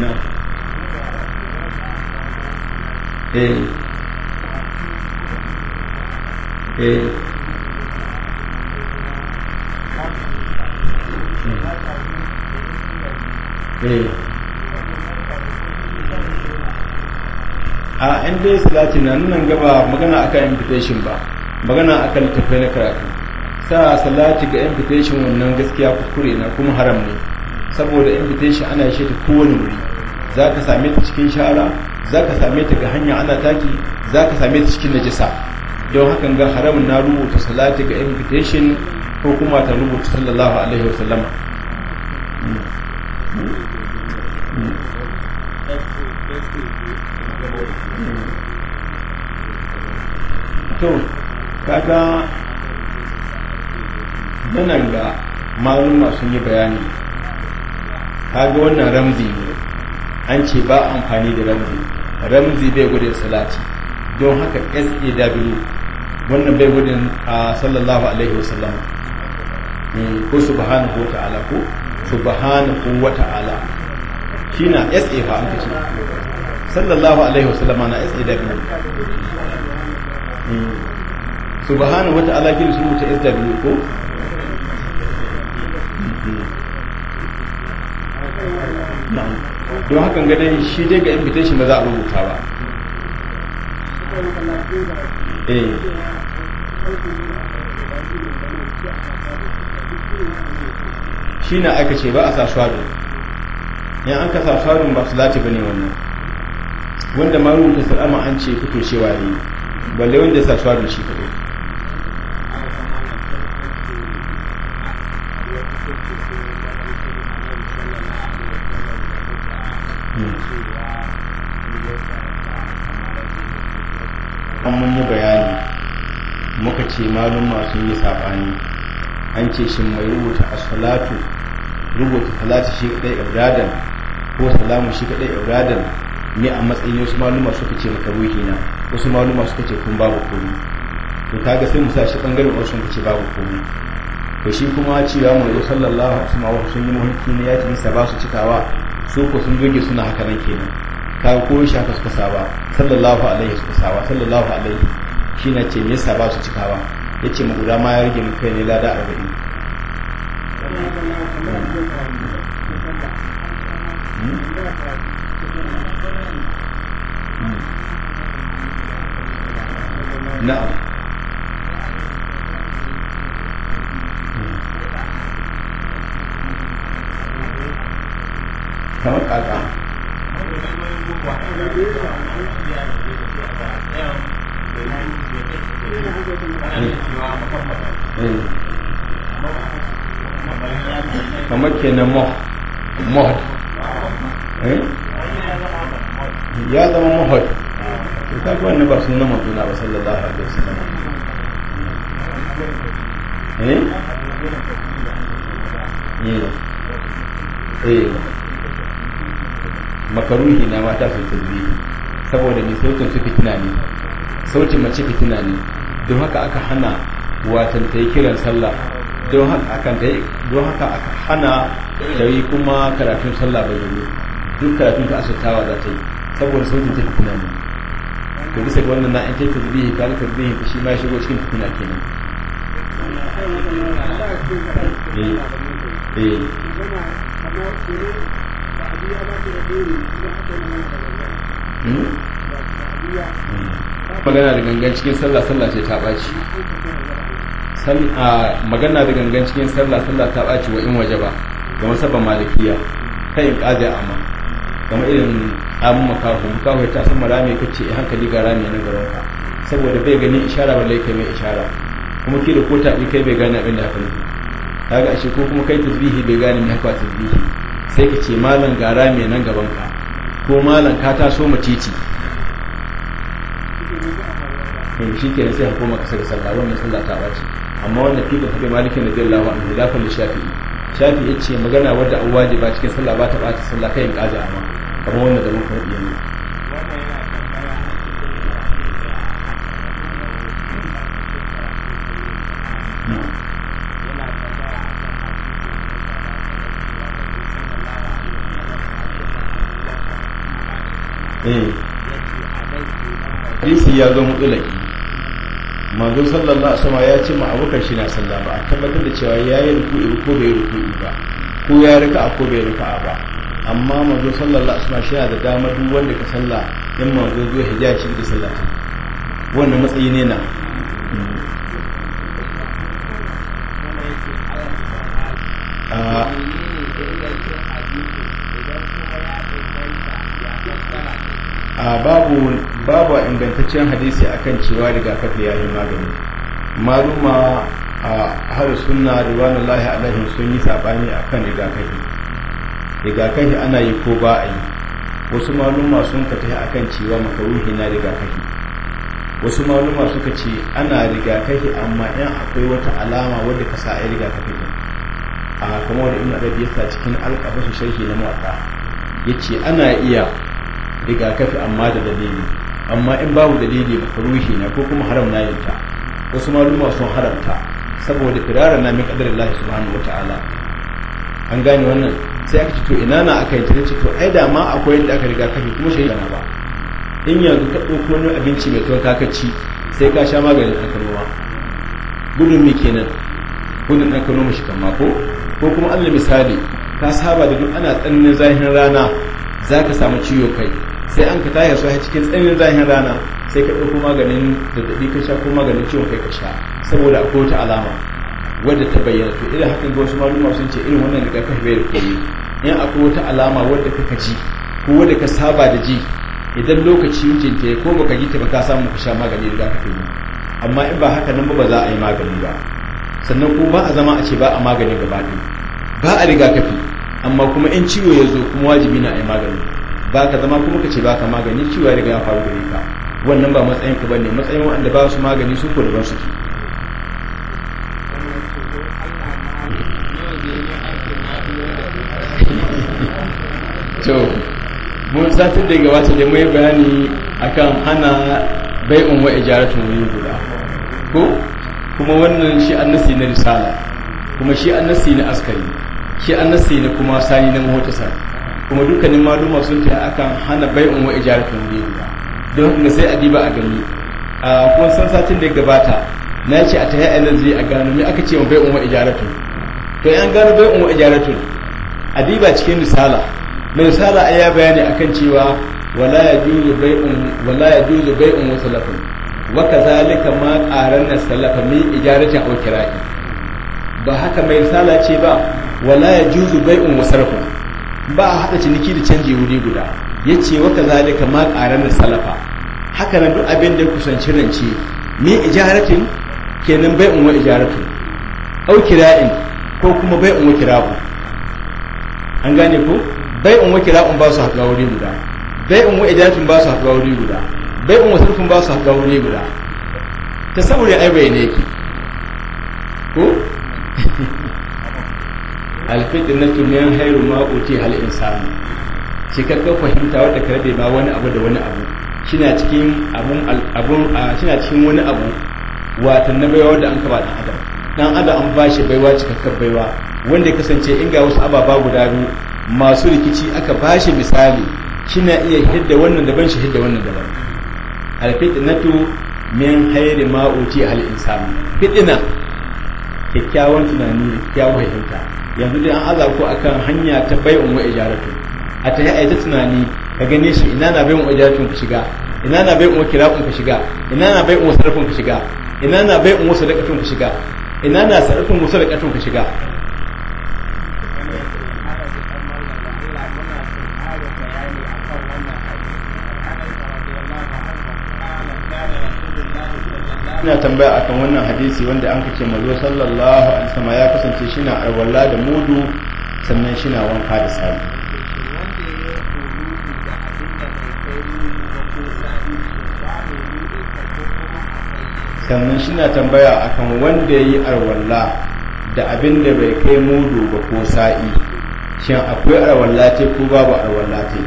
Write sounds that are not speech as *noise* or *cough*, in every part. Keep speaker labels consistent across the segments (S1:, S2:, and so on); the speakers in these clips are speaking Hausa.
S1: Eh. Eh. Eh. a yan dai salati na nan gaba magana akan invitation ba magana akan tafai na karatu sa salati ga invitation wannan gaskiya kuskure na kuma haram ne saboda invitation ana shi ta kowane wuri za ka same ta cikin shara za ka same ta ga hanya ana taki za ka same ta cikin najisa don hakan ga haramun na rubuta salati ga invitation ko kuma ta rubuta sallallahu alaihi wasallama to kaga nan ga malumma sun yi bayani kaga wannan ramzi ne an ce ba amfani da ramzi ramzi bai gudun salati don haka SAW wannan bai gudun a sallallahu alaihi wasallam hmm, ko subhanahu ko ta'ala ko ko wataala shi na SA ba an kace sallallahu alaihi wasallam na SAW hmm. subhanahu wa wata'ala gini sun wuce SAW ko don hakan ga dai shi dai ga invitation ba za a rubuta ba eh. shi na aka ce ba a sa shwadun ya an ka sa shwadun ba su lati ba ne wannan wanda ma rubuta salama an ce fito cewa ne balle wanda sa shwadun shi kadai an mun yi bayani muka ce malumma sun yi saɓani an ce shi mai rubuta a salatu rubuta salatu shi kaɗai ibradan ko salamu shi kaɗai ibradan ne a matsayin wasu maluma suka ce makaruhi na wasu maluma suka ce kun babu komi to kaga sai musa shi bangaren wasu suka ce babu komi to shi kuma cewa mu sallallahu alaihi wasallam sun yi muhimmi ne ya ce ba su cikawa sun ku sun doge suna haka nan kenan ta ko shi haka suka saba sallallahu alaihi suka saba sallallahu alaihi shi na ce me saba ba su cikawa yace mu guda ma ya rage mu kai ne lada gari hmm? hmm. na'am kamar kaka eh. kamar kenan mohd eh? ya zama mohd ta kuwa ne ba sun na mazuna ba sallallahu alaihi wasallam eh eh eh makaruhi na mata su tasbihi saboda ne sautin su fitina ne sautin mace fitina ne don haka aka hana watan ta yi kiran sallah don haka aka hana ta yi kuma karatun sallah bai yi duk karatun ta asirtawa za ta yi saboda sautin ta fitina ne to bisa ga wannan na in ta tasbihi ta tasbihi shi ma shigo cikin fitina kenan eh eh Hmm? magana da gangan cikin sallah sallah ce ta ɓaci magana da gangan cikin sallah sallah ta ɓaci wa in waje ba ga masabban malikiya kan in ƙazi amma kamar irin amin makahu makahu ta san marami kace in hankali ga rami na garon ka saboda bai gani ishara balle kai mai ishara kuma ke da kota in kai bai gane abin da haka ne ga ashe ko kuma kai tasbihi bai gane mai haka tasbihi sai ka ce malam gara mai nan gaban ka ko malam ka taso matici mai shi ke sai ka koma ka sallah wannan sallah ta bace amma wannan fi da tabi malikin radiyallahu anhu da fal shafi'i ya ce magana wadda an wajiba cikin sallah ba ta bata sallah kayan in kaza amma kamar wannan da mafi rubuta ne ya zo mutulaki manzo sallallahu alaihi wasallam ya ce ma abubakar shi na sallah ba a tabbatar da cewa ya yi ruku'i ko bai ruku'i ba ko ya rika ko bai rika ba amma manzo sallallahu alaihi wasallam shi da damar duk wanda ka sallah in manzo zo hijaci da sallah wannan matsayi ne na babu babu ingantaccen hadisi akan cewa rigakafi ya yi magani maluma a har sunna riwanullahi alaihim sun yi sabani akan rigakafi rigakafi ana yi ko ba a yi wasu maluma sun ka tafi akan cewa makaruhi na rigakafi wasu maluma suka ce ana rigakafi amma in akwai wata alama wadda ka sa a yi rigakafi a kamar da ibn da yasa cikin alƙabasu sharhi na ya yace ana iya rigakafi amma da dalili amma in babu dalili makaruhi ne ko kuma haram na yanta wasu maluma sun haramta saboda firara na min kadar Allah subhanahu wataala an gane wannan sai aka ce to ina na aka yi tace to ai da ma akwai yadda aka kafi kuma shi ba in yanzu ka ɗauko wani abinci mai tuwon ci sai ka sha maganin ɗan gudun mi kenan gudun ɗan kano shi ko ko kuma allah misali ka saba da duk ana tsananin zahirin rana za ka samu ciwo kai sai an ka tayar su cikin tsanin zahin rana sai ka ɗauko maganin daɗi ka sha ko maganin ciwon kai ka sha saboda a kowace alama wadda ta bayyana to irin hakan ga wasu maluma sun ce irin wannan rigakafi bai da komi in a kowace alama wadda ka ji ko wadda ka saba da ji idan lokaci wucin ya ko baka ji ta ba ka samu ka sha magani ka fi amma in ba haka nan ba za a yi magani ba sannan ko ba a zama a ce ba a magani gaba ɗaya ba a rigakafi amma kuma in ciwo ya zo kuma wajibi na a yi magani ba ka zama kuma ka ce ba ka magani ciwo ya riga ya faru gare ka wannan ba matsayin ka bane matsayin wanda ba su magani su ko daban suke *laughs* to mun satin da gabata da mai bayani akan hana bai'un wa ijaratun wani guda ko kuma wannan shi annasi na risala kuma shi annasi na askari shi an nasi ne kuma sani na mahotasa kuma dukkanin maluma sun ta aka hana bai'un wa ijaratun wuri ne don haka sai a diba a gani a kuma san satin da gabata na ce a ta yi ainihin zai a gano me aka ce wa bai'un wa ijaratun to yan gano bai'un wa ijaratun a diba cikin misala mai misala a ya bayani akan cewa wala ya juzu bai'un wala ya juzu bai'un wa salafun wa kazalika ma qaranna salafa min ijaratin aw kira'i ba haka mai misala ce ba wala ya juzu bai'un wa sarfun ba a haɗa ciniki da canji wuri guda ya ce wa ka zalika ma ƙaran da salafa haka nan duk abin da kusanci rance ni ijaratin kenan bai'un wa ijaratin au kira'in ko kuma bai'un wa kira'u an gane ko bai'un wa kira'un ba su haɗa wuri guda bai'un wa ijaratin ba su haɗa wuri guda bai'un wa sarfun ba su haɗa wuri guda ta saboda ai bai ne ki ko *laughs* alfitnatu min hayru ma uti hal insani cikakken fahimta wanda ka rabe ba wani abu da wani abu shina cikin abun abun shina cikin wani abu wato na baiwa da an kaba da adam dan adam an bashi baiwa cikakken baiwa wanda kasance in ga wasu ababa guda biyu masu rikici aka bashi misali shina iya hidda wannan daban shi hidda wannan daban alfitnatu min khairi ma uti hal insani fitina kyakkyawan tunani da kyakkyawan fahimta yanzu dai an aza ku akan hanya ta bai'un wa ijaratu a ta yi aita tunani ka gane shi ina na bai'un wa ijaratun ka shiga ina na bai'un wa kirakun ka shiga ina na bai'un wa sarrafin ka shiga ina na bai'un wa sadaqatun ka shiga ina na sarrafin wa sadaqatun ka shiga ina tambaya akan wannan hadisi wanda an kace mazo sallallahu alaihi wasallam ya kasance shina alwala da mudu sannan shina wanka da sa'i. sannan shina tambaya akan wanda yayi alwala da abin da bai kai mudu ba ko sa'i shin akwai alwala ce ko babu alwala ce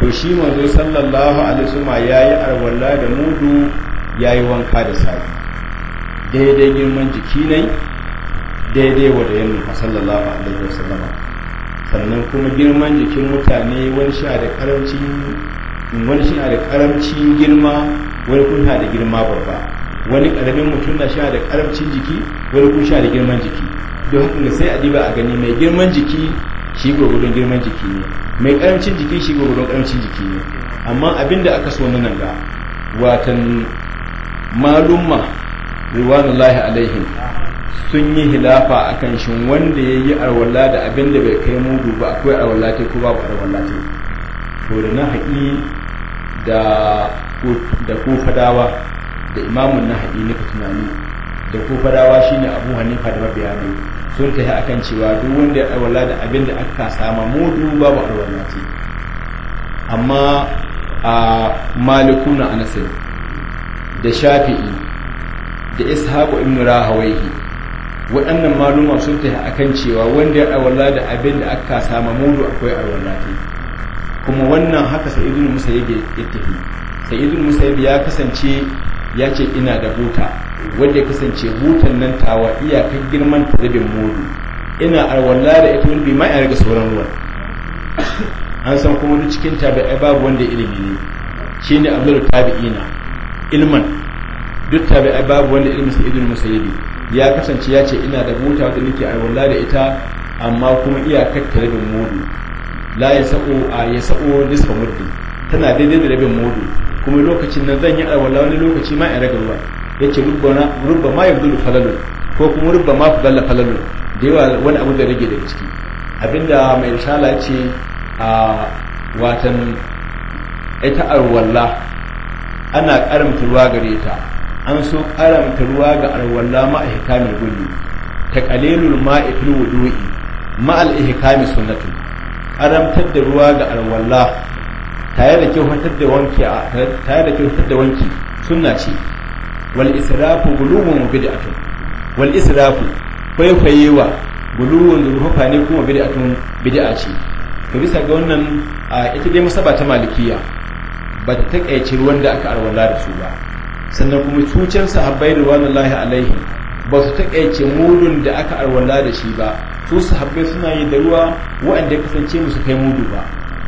S1: to shi mazo sallallahu alaihi wasallam yayi alwala da mudu ya yi wanka da safe daidai girman jiki ne daidai wa da ya nufa sallallahu alaihi wasallam sannan kuma girman jikin mutane wani sha da karamci wani sha da karamcin girma wani kuna da girma babba wani karamin mutum na sha da karamcin jiki wani kun sha da girman jiki don haka sai a diba a gani mai girman jiki shi gurgudun girman jiki ne mai karamcin jiki shi gurgudun karamcin jiki ne amma abinda aka so nan ga watan malumma riwanullahi alaihim sun yi hilafa a kan shin wanda ya yi arwalla da abin da bai kai mudu ba akwai arwalla ta ko babu arwalla ta to da naha'i da da kofadawa da imamun naha'i na tunani da kofadawa shine abu hanifa da mabiyani sun tafi akan cewa duk wanda ya arwalla da abin da aka sama mudu babu arwalla ta amma a malikuna anasai da shafi'i da ishaqu ibn rahawayhi waɗannan maluma sun tafi akan cewa wanda ya awalla da abin da aka sama mudu akwai awalla kuma wannan haka sa'idul musayyib ya tafi sa'idul musayyib ya kasance ya ce ina da buta wanda ya kasance butan nan tawa iyakar girman tarbin rabin mudu ina alwalla da ita wanda bima ya riga sauran ruwan an san kuma duk cikin tabi'ai babu wanda ilimi ne shi ne abdul tabi'ina ilman duk tabi'ai babu wanda ilmin sa ibn musayyibi ya kasance ya ce ina da buta wadda nake aiwalla da ita amma kuma iyakar ta rabin mudu la ya sa'o a ya sa'o nisfa mudu tana daidai da rabin mudu kuma lokacin nan zan yi aiwalla wani lokaci ma in raga ruwa ce rubba ma ya gudu falalun ko kuma rubba ma fadalla falalun da yawa wani abu da rage daga ciki abinda mai risala ce a watan ita arwalla ana karamta ruwa gare ta an so karamta ruwa ga alwala ma ihkamil gulli ta qalilul ma'i fil wudu'i ma al ihkami sunnatu karamtar da ruwa ga alwala tare da kyautar da wanki tare da kyautar da wanki sunna ce wal israfu gulumun bid'atun wal israfu kwaikwayewa guluwun rufa ne kuma bid'atun bid'a ce to bisa ga wannan ita dai musaba ta malikiya ba ta takaice ruwan da aka arwala da su ba sannan kuma tucen sahabbai ruwanullahi alaihi ba su takaice mudun da aka arwala da shi ba su sahabbai suna yi da ruwa waɗanda ya kasance musu kai mudu ba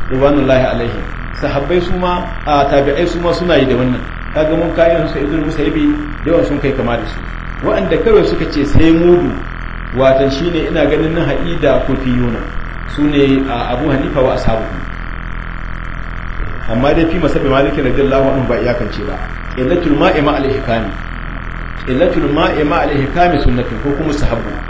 S1: ruwanullahi alaihi sahabbai su ma a tabi'ai su ma suna yi da wannan kaga mun kayan su idul da yawan sun kai kama da su waɗanda kawai suka ce sai mudu watan shine ina ganin na haɗi da kofi yuna su ne abu hanifa wa ashabu amma dai fi masabi malikin radiyallahu anhu ba iyakance ba illatul ma'i ma al-hikami illatul ma'i ma al-hikami sunnatun ko kuma sahabbu